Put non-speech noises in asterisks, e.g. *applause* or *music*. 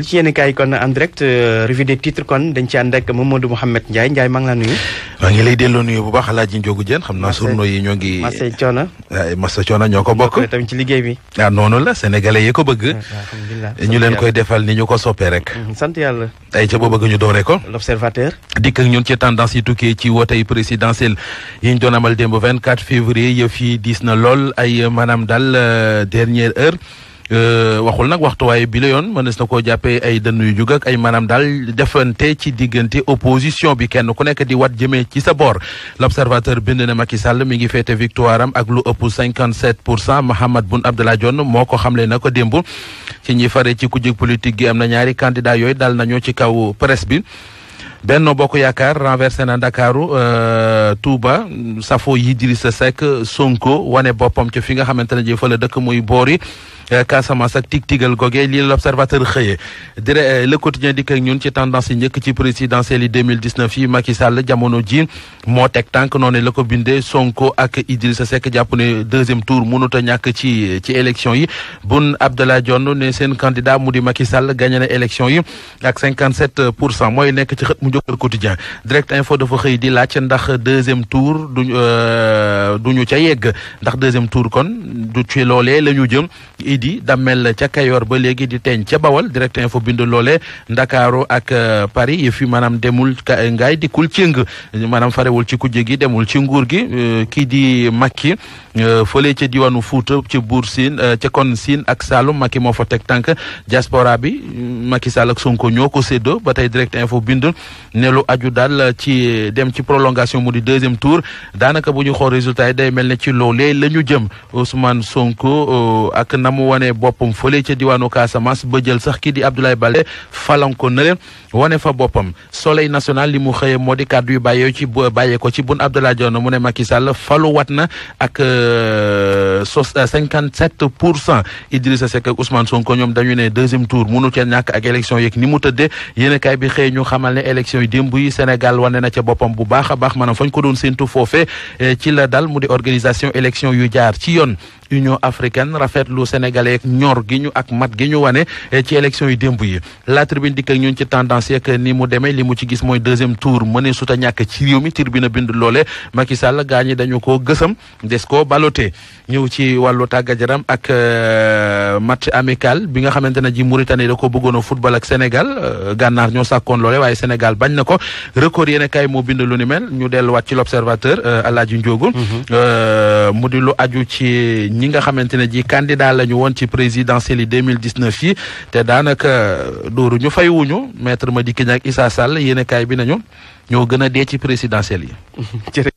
li ci yéen kaay kon en direct euh, revue des titres kon dañ ci ànd ak Mamadou Mouhamed Ndiaye Ndiaye maa ngi la nuyu. maa ngi lay delloo nuyu bu baax El Hadj Ndiogou Diène xam na surno yi ñoo ngi. Massa Thiona Massa Thiona ñoo ko bokk. bi. ah noonu la sénégalais ko bëgg. Eh, ñu leen koy defal ni ñu ko soppee rek. Mm-hmm. sant yàlla. ay ca boo bëgg ñu dooree ko. l'observateur. dikk ak ñun ci tendance yi tukkee ci wootey présidentielle yi ñu doon amal démb 24 février yëf yi diis na lool ay maanaam dal euh, dernière heure Euh, waxul nag waxtuwaay bi la yoon mënees na koo jàppee ay dënn yu jug ak ay maanaam daal defante ci diggante opposition bi kenn ku nekk di wat jëmee ci sa boor l'observateur bind na Macky Sall mi ngi féete victoire am ak lu ëpp 57 pour cent Mahammed Boun Abdallah Dionne moo ko xamle na ko démb ci ñi fare ci kujje politique gi am na ñaari candidat yooy dal nañoo ci kaw presse bi Benno Bokk Yaakaar renversé na Ndakaaru euh, Touba safo yi sa Seck Sonko wane boppam ca fi nga xamante ne ji fa la dëkk muy boori Euh, Casamance ak tig-tigal googee lii l'observateur xëyee dire euh, le quotidien dik ak ñun ci tendance yi njëkk ci présidentielle 2019 yi Macky Sall jamono ji mo tek tank noné le ko bindee Sonko ak Idrissa Seck japp né deuxième tour mënut a ñàkk ci ci élection yi Boun Abdallah Dionne né sen candidat mu Macky Sall gagné na élection yi ak 57 pour cent ci xët mu njëkk quotidien direct info fa xey di lacc ndax deuxième tour duñu euh, duñu ca yegg ndax deuxième tour kon du ci lolé lañu jëm da dammel ca Kayoor ba léegi di teeñ ca Bawol direct info bind loole Ndakaaru ak euh, Paris yëf yi maanaam demul ngaay dikkul cëng maanaam farewul ci kujje gi demul ci nguur gi euh, kii di Macky euh, fële ca diwaanu Fuuta ci buur Siin ci kon Siin ak Saalum Macky moo fa teg tànk diaspora bi Macky Sall ak Sonko ñoo ko séddoo ba tey direct info bind ne lu aju daal ci dem ci prolongation mu di deuxième tour daanaka bu ñu xool résultat yi day mel ne ci loolee la jëm Ousmane mu wonee boppam fële ca diwaanu Casamance ba sax kii di Abdoulaye Baldé falanko na leen wone fa boppam soleil national li mu xëyee moo di kàddu yu bàyyee ci bàyyee ko ci bun Abdoulaye Dione mu ne Macky Sall faluwaat na ak euh, sos 57 euh, pour cent Idrissa Seck ak Ousmane Sonko ñoom dañu ne deuxième tour munu ca ñàkk ak élection yeeg ni mu tëddee yéen kay bi xëy ñu xamal ne élection yi démb yi Sénégal wane na ca boppam bu baax a baax maanaam fañ ko doon séntu foofe eh, ci la dal mu di organisation élection yu jaar ci yoon sénégalais ñor gi ñu ak mat gi ñu wane eh, ci élection yi démb yi la tribune dikk ak ñun ci tendance yeeg ni mu demee li mu ci gis mooy deuxième tour mënee sut a ñàkk ci réew tribune bind loole Macky Sall dañu ko gësam des ko baloté ci wàllu tàggat yaram ak eh, match amical bi nga xamante ne ji Mauritanie da ko bëggoon a football ak Sénégal eh, gànnaar ñoo sàkkoon loole waaye Sénégal bañ na ko record yéen kay moo bind lu ni mel ñu delluwaat ci l'observateur Alaaji Ndiogu mm-hmm. mu di lu aju ci ñi nga xamante woon ci présidentielle yi 2019 yi te daanaka euh, dooru ñu fay wuñu ma Madické Niang ak Issa Sall yéenekaay bi nañu ñoo gën a dee ci présidentielle yi *laughs*